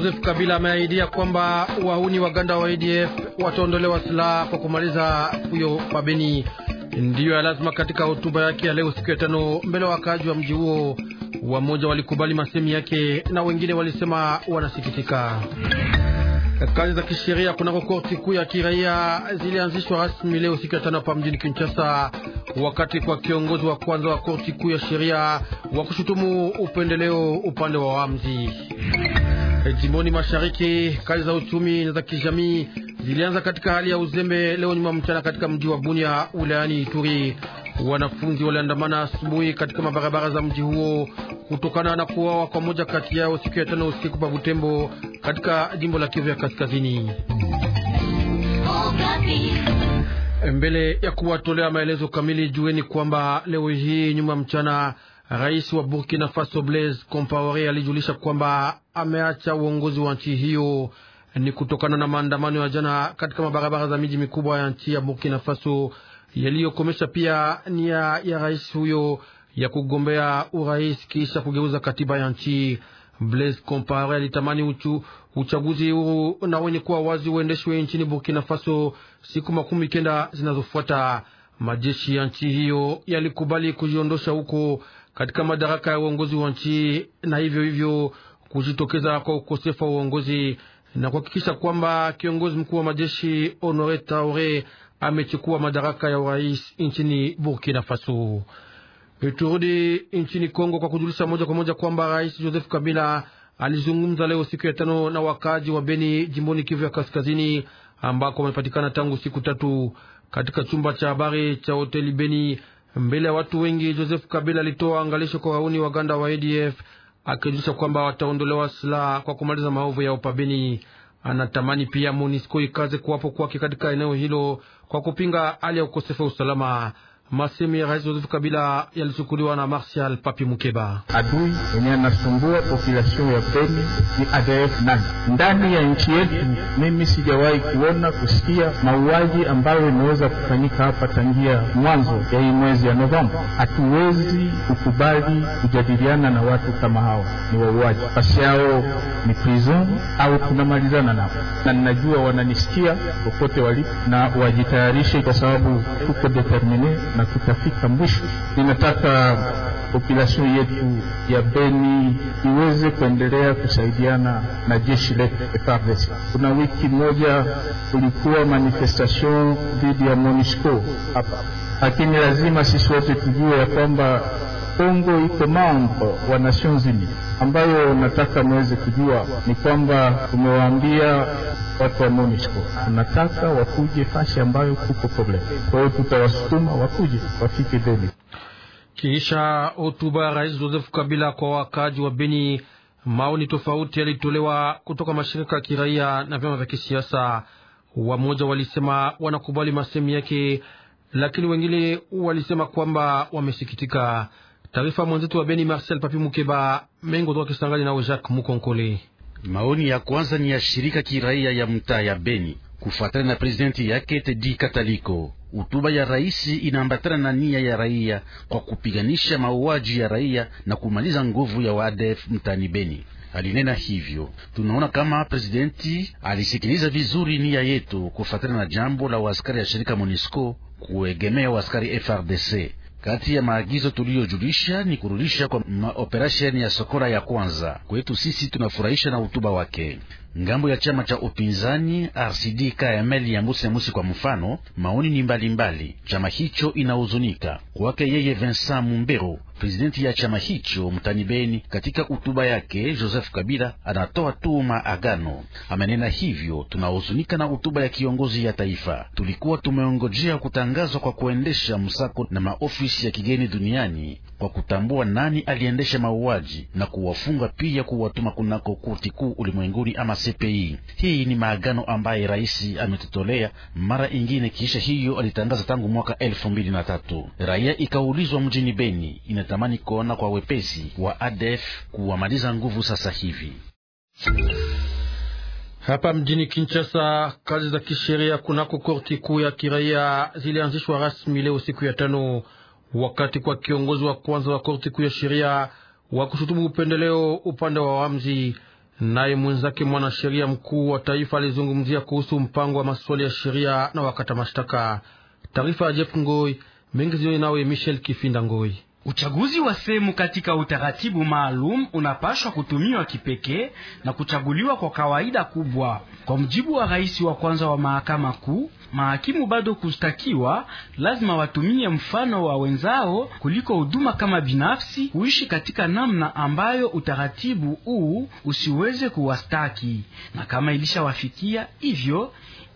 Joseph Kabila ameahidia kwamba wauni waganda wa ADF wataondolewa silaha kwa kumaliza huyo pabeni Ndiyo ya lazima katika hotuba yake ya leo siku ya tano mbele wa wakaaji wa mji huo. Wamoja walikubali masemi yake na wengine walisema wanasikitika. Kazi za kisheria kunako korti kuu ya kiraia zilianzishwa rasmi leo siku ya tano hapa mjini Kinshasa, wakati kwa kiongozi wa kwanza wa korti kuu ya sheria wa kushutumu upendeleo upande wa wamzi Eh, jimboni mashariki, kazi za uchumi na za kijamii zilianza katika hali ya uzembe leo nyuma mchana katika mji wa Bunia wilayani Ituri. Wanafunzi waliandamana asubuhi katika mabarabara za mji huo kutokana na kuwawa kwa moja kati yao siku ya tano usiku pa Butembo katika jimbo la Kivu ya Kaskazini. Eh, mbele ya kuwatolea maelezo kamili, jueni kwamba leo hii nyuma mchana Rais wa Burkina Faso Blaise Compaore alijulisha kwamba ameacha uongozi wa nchi hiyo. Ni kutokana na maandamano ya jana katika mabarabara za miji mikubwa ya nchi ya Burkina Faso yaliyokomesha pia nia ya rais huyo ya kugombea urais kisha kugeuza katiba ya nchi. Blaise Compaore alitamani uchu, uchaguzi huru na wenye kuwa wazi uendeshwe nchini Burkina Faso siku makumi kenda zinazofuata. Majeshi ya nchi hiyo yalikubali kujiondosha huko katika madaraka ya uongozi wa nchi, na hivyo hivyo kujitokeza kwa ukosefu wa uongozi na kuhakikisha kwamba kiongozi mkuu wa majeshi Honore Taore amechukua madaraka ya urais nchini Burkina Faso. Turudi nchini Kongo kwa kujulisha moja kwa moja kwamba rais Joseph Kabila alizungumza leo siku ya tano na wakaaji wa Beni jimboni Kivu ya Kaskazini, ambako wamepatikana tangu siku tatu katika chumba cha habari cha hoteli Beni mbele ya watu wengi, Joseph Kabila alitoa angalisho kwa wauni waganda wa ADF akijulisha kwamba wataondolewa silaha kwa kumaliza maovu ya upabini. Anatamani pia MONUSCO ikaze kuwapo kwake katika eneo hilo kwa kupinga hali ya ukosefu wa usalama. Masemi ya Rais Joseph Kabila yalichukuliwa na Martial Papi Mukeba. Adui mwenye anasumbua population ya Beni ni ADF nani ndani ya nchi yetu. Mimi sijawahi kuona kusikia mauaji ambayo imeweza kufanyika hapa tangia mwanzo ya hii mwezi ya Novemba. Hatuwezi kukubali kujadiliana na watu kama hawa, ni wauaji basi yao ni prison au tunamalizana nao, na ninajua wananisikia popote walipo, na wajitayarishe kwa sababu tuko determine na tutafika mwisho. Ninataka population yetu ya Beni iweze kuendelea kusaidiana na jeshi letu FARDC. E Kuna wiki moja kulikuwa manifestation dhidi ya MONUSCO hapa, lakini lazima sisi wote tujue ya kwamba Kongo iko mambo wa Nations Ambayo nataka mweze kujua ni kwamba tumewaambia watu wa MONUSCO tunataka wakuje fasi ambayo kuko problem, kwa hiyo tutawasukuma wakuje wafike Beni. Kisha hotuba ya Rais Joseph Kabila kwa wakaji wa Beni, maoni tofauti yalitolewa kutoka mashirika ya kiraia na vyama vya kisiasa. Wamoja walisema wanakubali masemi yake, lakini wengine walisema kwamba wamesikitika. Taarifa mwenzetu wa Beni Marcel Papi Mukeba Mengo toka Kisangani nao Jacques Mukonkole. Maoni ya kwanza ni ya shirika kiraia ya mtaa ya Beni kufuatana na presidenti yake Tedi Kataliko. Utuba ya raisi inaambatana na nia ya raia kwa kupiganisha mauaji ya raia na kumaliza nguvu ya wadf mtaani Beni. Alinena hivyo, tunaona kama presidenti alisikiliza vizuri nia yetu kufuatana na jambo la waaskari ya shirika MONUSCO kuegemea waaskari FRDC. Kati ya maagizo tuliyojulisha ni kurudisha kwa operesheni ya Sokola ya kwanza. Kwetu sisi tunafurahisha na utuba wake ngambo ya chama cha upinzani RCD KML ya Mbusa Musi. Kwa mfano, maoni ni mbalimbali mbali. Chama hicho inahuzunika kwake yeye Vincent Mumbero Prezidenti ya chama hicho mtani Beni, katika hutuba yake Joseph Kabila anatoa tu maagano. Amenena hivyo, tunahuzunika na hutuba ya kiongozi ya taifa. Tulikuwa tumeongojea kutangazwa kwa kuendesha msako na maofisi ya kigeni duniani kwa kutambua nani aliendesha mauaji na kuwafunga pia kuwatuma kunako kurti kuu ulimwenguni ama CPI. Hii ni maagano ambaye rais ametutolea mara ingine, kisha hiyo alitangaza tangu mwaka elfu mbili na tatu. Raia ikaulizwa mjini Beni ina ametamani kuona kwa wepesi wa ADF kuwamaliza nguvu sasa hivi. Hapa mjini Kinshasa, kazi za kisheria kunako korti kuu ya kiraia zilianzishwa rasmi leo siku ya tano, wakati kwa kiongozi wa kwanza wa korti kuu ya sheria wa kushutumu upendeleo upande wa wamzi, naye mwenzake mwanasheria mkuu wa taifa alizungumzia kuhusu mpango wa masuala ya sheria na wakata mashtaka. Taarifa ya Jeff Ngoi mengi zio nawe Michel Kifinda Ngoi. Uchaguzi wa sehemu katika utaratibu maalum unapashwa kutumiwa kipekee na kuchaguliwa kwa kawaida kubwa. Kwa mjibu wa rais wa kwanza wa mahakama kuu, mahakimu bado kustakiwa lazima watumie mfano wa wenzao kuliko huduma kama binafsi, kuishi katika namna ambayo utaratibu huu usiweze kuwastaki, na kama ilishawafikia hivyo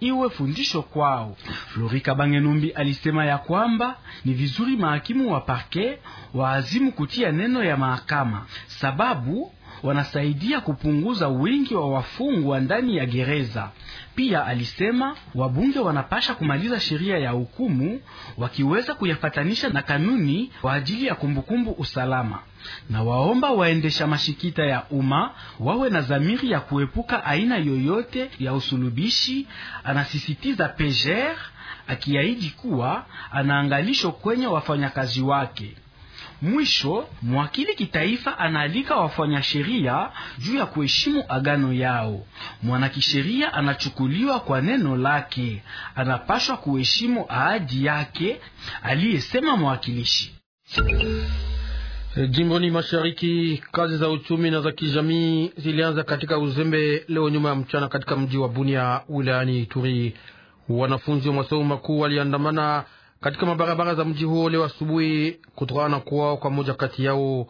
iwe fundisho kwao. Florika Bangenumbi alisema ya kwamba ni vizuri mahakimu wa parke waazimu kutia neno ya mahakama sababu wanasaidia kupunguza wingi wa wafungwa ndani ya gereza. Pia alisema wabunge wanapasha kumaliza sheria ya hukumu wakiweza kuyafatanisha na kanuni kwa ajili ya kumbukumbu usalama, na waomba waendesha mashikita ya umma wawe na dhamiri ya kuepuka aina yoyote ya usulubishi, anasisitiza Pejer akiahidi kuwa anaangalisho kwenye wafanyakazi wake. Mwisho, mwakili kitaifa anaalika wafanya sheria juu ya kuheshimu agano yao. Mwanakisheria anachukuliwa kwa neno lake, anapashwa kuheshimu ahadi yake, aliyesema mwakilishi. Jimboni mashariki, kazi za uchumi na za kijamii zilianza katika uzembe leo nyuma ya mchana katika mji wa Bunia wilayani Ituri. Wanafunzi wa masomo makuu waliandamana katika mabarabara za mji huo leo asubuhi, kutokana na kuwao kwa moja kati yao.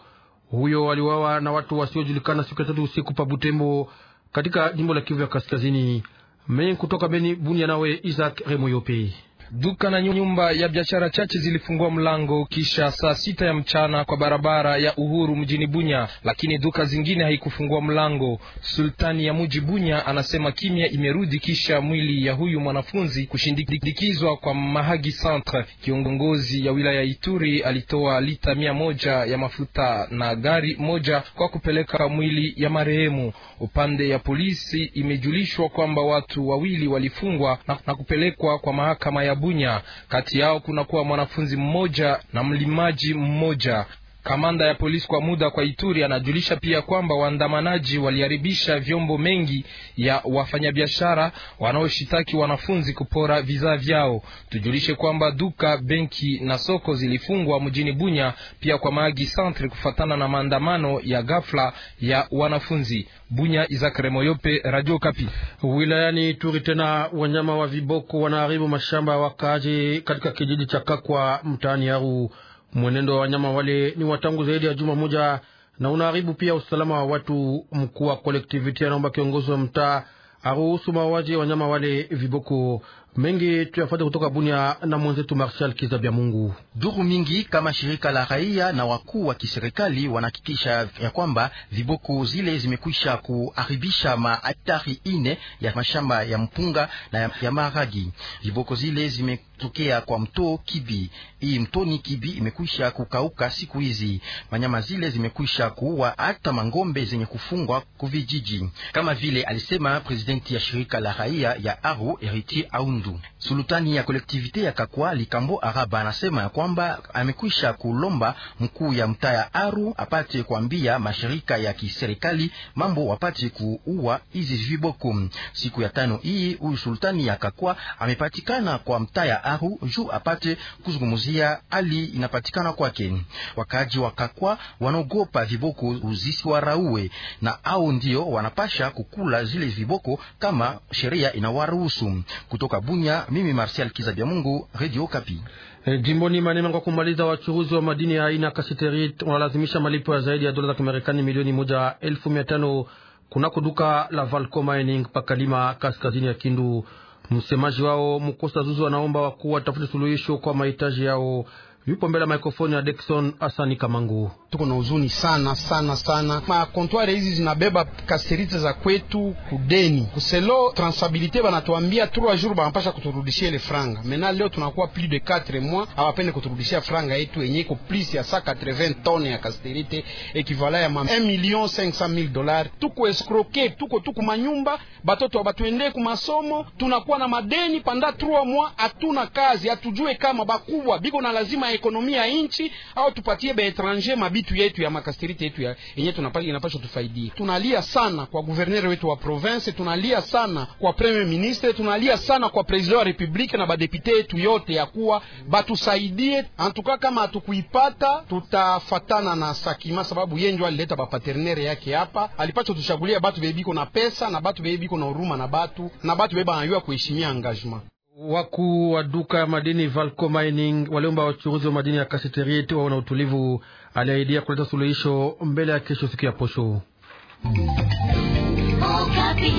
Huyo aliwawa na watu wasiojulikana siku ya tatu usiku pa Butembo katika jimbo la Kivu ya Kaskazini. Mengi kutoka Beni, Bunia, nawe Isaac Remoyope. Duka na nyumba ya biashara chache zilifungua mlango kisha saa sita ya mchana kwa barabara ya Uhuru mjini Bunya, lakini duka zingine haikufungua mlango. Sultani ya muji Bunya anasema kimya imerudi kisha mwili ya huyu mwanafunzi kushindikizwa kwa Mahagi Centre. Kiongozi ya wilaya Ituri alitoa lita mia moja ya mafuta na gari moja kwa kupeleka mwili ya marehemu. Upande ya polisi imejulishwa kwamba watu wawili walifungwa na, na kupelekwa kwa mahakama ya Bunya. Kati yao kunakuwa mwanafunzi mmoja na mlimaji mmoja. Kamanda ya polisi kwa muda kwa Ituri anajulisha pia kwamba waandamanaji waliharibisha vyombo mengi ya wafanyabiashara wanaoshitaki wanafunzi kupora vizaa vyao. Tujulishe kwamba duka, benki na soko zilifungwa mjini Bunya pia kwa maagi Centre kufatana na maandamano ya ghafla ya wanafunzi. Bunya, Izakare Moyope, Radio Kapi. Wilayani Ituri tena wanyama wa viboko wanaharibu mashamba ya wakaaji katika kijiji cha Kakwa mtaani Aru. Mwenendo wa wanyama wale ni watangu zaidi ya juma moja na unaharibu pia usalama wa watu. Mkuu wa kolektiviti anaomba kiongozi wa mtaa aruhusu mauaji ya wanyama wale viboko Mengi tuyafuate kutoka Bunia na mwenzetu Marshal Kizabya Mungu. Duru mingi kama shirika la raia na wakuu wa kiserikali wanahakikisha ya kwamba viboko zile zimekwisha kuharibisha maatari ine ya mashamba ya mpunga na ya maragi. Viboko zile zimetokea kwa mto Kibi. Hii mtoni Kibi imekwisha kukauka siku hizi. Manyama zile zimekwisha kuua hata mangombe zenye kufungwa kuvijiji, kama vile alisema presidenti ya shirika la raia ya Aru Eriti Aun. doen. Sultani ya kolektivite ya Kakwa Likambo Araba anasema ya kwamba amekwisha kulomba mkuu ya mtaa ya Aru apate kuambia mashirika ya kiserikali mambo wapate kuua hizi viboko. Siku ya tano hii huyu sultani ya Kakwa amepatikana kwa mtaa ya Aru juu apate kuzungumzia hali inapatikana kwake. Wakaji wa Kakwa wanaogopa viboko uzisi wa rauwe na au ndio wanapasha kukula zile viboko kama sheria inawaruhusu. Kutoka Bunya mimi Martial Kizabia Mungu, Radio Kapi. E, eh, jimboni Manema, kwa kumaliza wachuruzi wa madini ya aina kasiterit wanalazimisha malipo ya zaidi ya dola za Kimarekani milioni moja elfu mia tano kunako duka la Valco Mining pakalima kaskazini ya Kindu. Msemaji wao Mkosa Zuzu anaomba wakuu watafute suluhisho kwa mahitaji yao yupo mbele ya maikrofoni ya Dickson Asani Kamangu. Tuko na huzuni sana sana sana. Makontware hizi zinabeba kaserite za kwetu kudeni kuselo transabilite, banatuambia 3 jours banapasha kuturudishia ile franga mena, leo tunakuwa plus de 4 mois hawapende kuturudishia franga yetu yenye iko plus ya 180 tonne ya kaserite ekivala ya 1 million 500 mille dollars. Tuko escroqué, tuko tuko manyumba, batoto abatuende ku masomo, tunakuwa na madeni panda 3 mois, hatuna kazi, hatujue kama bakubwa biko na lazima ekonomi ya nchi, au tupatie étranger mabitu yetu ya makastrite yetu yenye inapaswa tufaidie. Tunalia sana kwa guverneri wetu wa province, tunalia sana kwa premier ministre, tunalia sana kwa president wa republike na badepite yetu yote, ya kuwa batusaidie antuka. Kama hatukuipata tutafatana na Sakima sababu ndio alileta bapaternere yake hapa, alipaswa tushagulia batu bebiko na pesa na batu bebiko na huruma na batu na batu beba anayua kuheshimia engagement. Wakuu wa duka madini Valco Mining waliomba wachuruzi wa madini ya Kasiteriet wawe na utulivu. Aliahidia kuleta suluhisho mbele ya kesho, siku ya posho.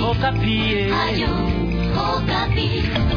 Okapi. Okapi. Eh.